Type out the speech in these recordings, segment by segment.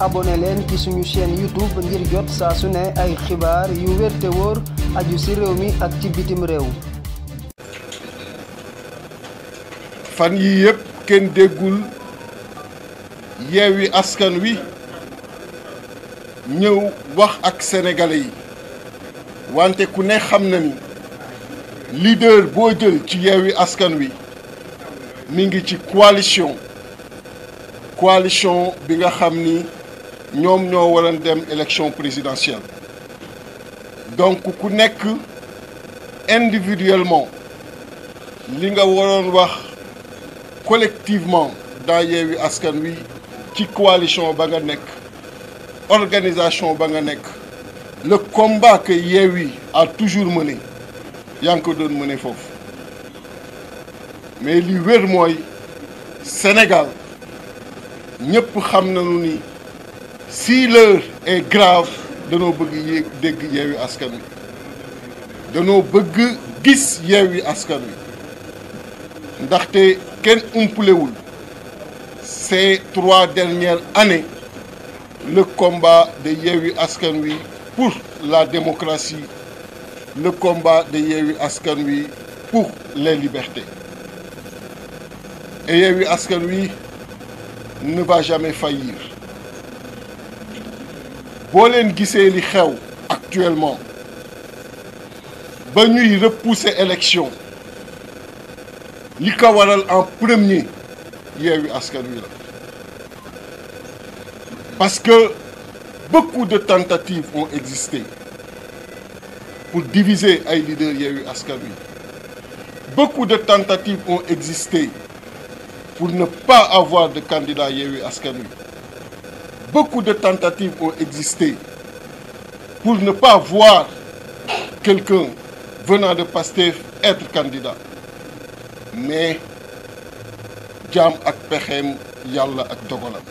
abonné leen ci suñu chaîne saa su ne xibaar yu wér te mi ak ci bitim réew. fan yii yëpp kenn déggul yeewi askan wi ñëw wax ak sénégalais yi wante ku ne xam na ni leader boo jël ci yeewi askan wi mi ngi ci coalition. bi nga xam ni ñoom ñoo waroon dem élection présidentielle donc ku nekk individuellement li nga waroon wax collectivement dans Yewwi Askan Wi ci coalition ba nga nekk organisation ba nga nekk le combat que Yewwi a toujours mené yaa ngi ko doon mené foofu mais li wér mooy Sénégal ñëpp xam nañu ni. si l'heure est grave danoo bëgg yéeg dégg yeewi askan wi danoo bëgg gis yeewi askan wi ndaxte kenn umpulewul ces trois dernières années le combat de yeewi askan wi pour la démocratie le combat de yeewi askan wi pour les libertés et yeewi askan wi ne va jamais faillir boo leen gisee li xew actuellement ba ñuy repousser élection li ko waral en premier Yewwi Askan Wi parce que beaucoup de tentatives ont existé pour diviser ay leaders Yewwi Askan Wi beaucoup de tentatives ont existé pour ne pas avoir de candidat Yewwi Askan beaucoup de tentatives ont existé pour ne pas voir quelqu'un venant de Pastef être candidat mais jam ak pexeem yàlla ak dogalam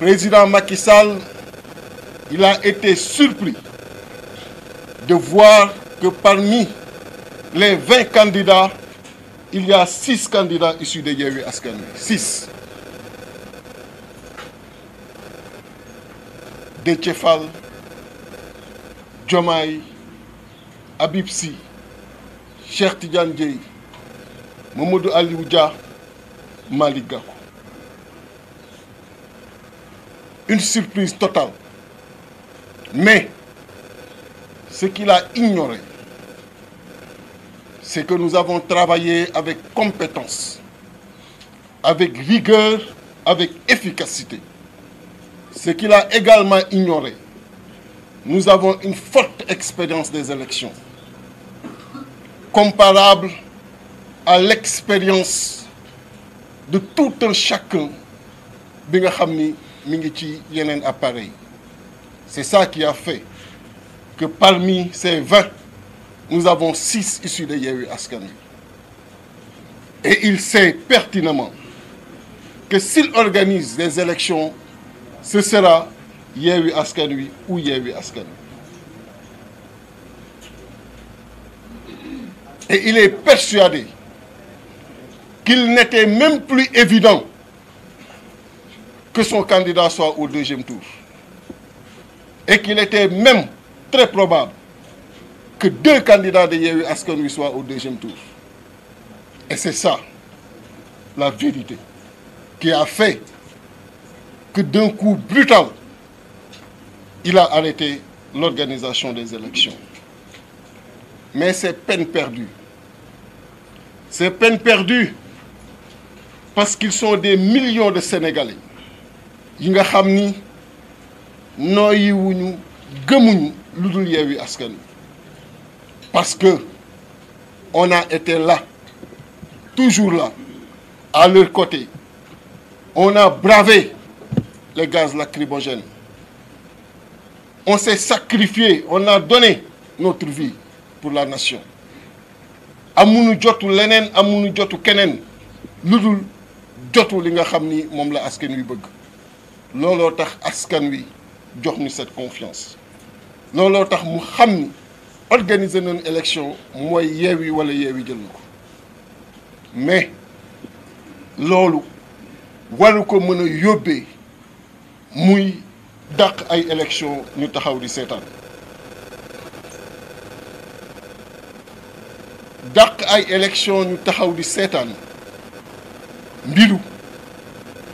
président Macky Sall il a été surpris de voir que parmi les vingt candidats il y a six candidats issus de Yewwi Askan Wi six Déthié Fall Diomaye Habib Sy Cheikh Tidiane Dièye Mamadou Aliou Dia Malick Gakou une surprise totale mais ce qu'il a ignoré c'est que nous avons travaillé avec compétence, avec rigueur, avec efficacité. Ce qu'il la également ignoré, nous avons une forte expérience des élections, comparable à l'expérience de tout un chacun bi nga xam ni mi ngi ci yeneen appareil. C'est ça qui a fait que parmi ces 20 nous avons six issus de Yewwi Askan Wi et il sait pertinemment que s'il organise des élections ce sera Yewwi Askan Wi ou Yewwi Askan Wi et il est persuadé qu'il n'était même plus évident que son candidat soit au deuxième tour et qu'il était même très probable que deux candidats de Yewwi Askan Wi soient au deuxième tour et c'est ça la vérité qui a fait que d'un coup brutal il a arrêté l'organisation des élections mais c'est peine perdue c'est peine perdue parce qu'ils sont des millions de Sénégalais yi nga xam ni nooyiwuñu gëmuñu lu dul Yewwi Askan Wi Parce que on a été là, toujours là, à leur côté. On a bravé le gaz lacrymogènes. On s'est sacrifié, on a donné notre vie pour la nation. amuñu jotu leneen amuñu jotu keneen lu jotu li nga xam ni moom la askan wi bëgg looloo tax askan wi jox ñu cette confiance looloo tax mu xam ni organiser noonu élection mooy Yewwi wala Yewwi jël na ko mais loolu waru ko mën a yóbbee muy dàq ay élection ñu taxaw di seetaan dàq ay élection ñu taxaw di seetaan mbiru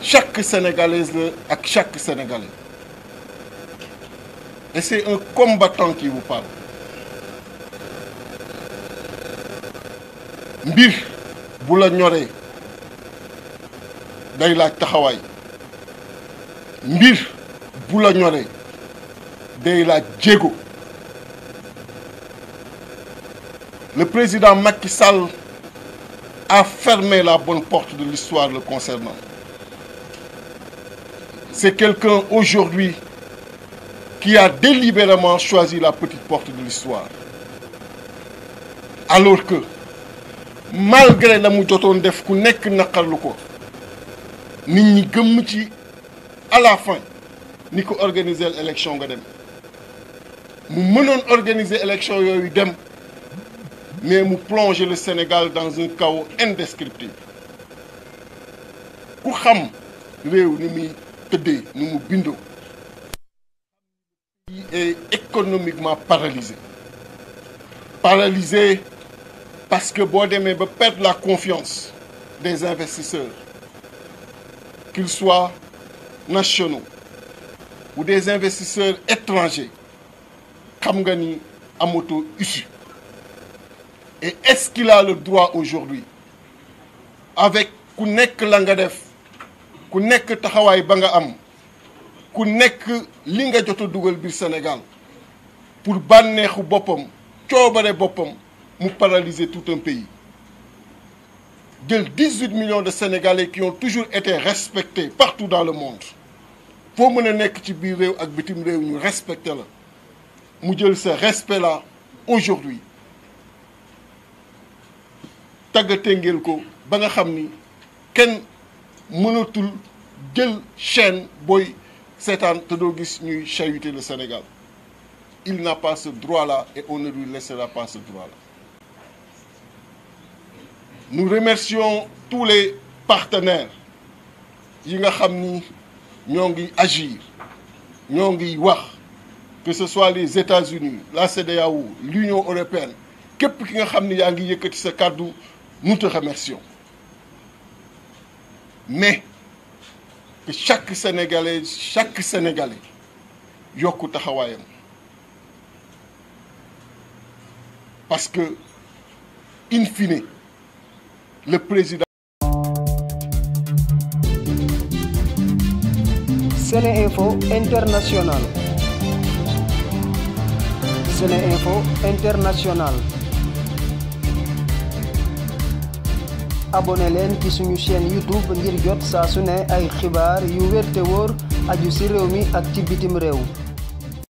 chaque sénégalaise la ak chaque sénégalais et c'est un combattant qui vous parle mbir bu la ñoree day laaj taxawaay mbir bu la ñoree day laaj jéego le président Macky Sall a fermé la bonne porte de l'histoire le concernant c'est quelqu'un aujourd'hui qui a délibérément choisi la petite porte de l'histoire alors malgré la mu jotoon def ku nekk naqarlu ko nit ñi gëmm ci à la ni ko organiser élection nga dem mu mënoon organiser élection yooyu dem mais mu plonger le Sénégal dans un chaos indescriptible ku xam réew ni muy tëddee ni mu bindoo est économiquement paralysé parce que boo demee ba perdre la confiance des investisseurs qu'ils soient nationaux ou des investisseurs étrangers xam nga ni amatoo issue et est-ce qu'il a le droit aujourd'hui avec ku nekk la nga def ku nekk taxawaay ba nga am ku nekk li nga jot dugal biir Sénégal pour bànneexu boppam coobare boppam mu paralyser tout un pays jël dix-huit millions de Sénégalais qui ont toujours été respectés partout dans le monde foo mën a nekk ci biir réew ak bitim réew ñu respecté la mu jël ce respect là aujourd'hui tàggatengeel ko ba nga xam ni kenn mënatul jël chaîne booy seetaan te doo gis ñuy chahuter le Sénégal il n'a pas ce droit là et on ne lui laissera pas ce droit là nous remercions tous les partenaires yi nga xam ni ñoo ngi agir ñoo ngi wax que ce soit les États-Unis la CEDEAO l'Union européenne képp ki nga xam ni yaa ngi yëkkati sa kàddu nous te remercions mais que chaque Sénégalais chaque Sénégalais yokku taxawaayam parce que in le président. Seneinfo International. Seneinfo International. leen ci suñu chaîne YouTube ngir jot saa su ne ay xibaar yu wér te aju ci réew mi ak ci bitim réew.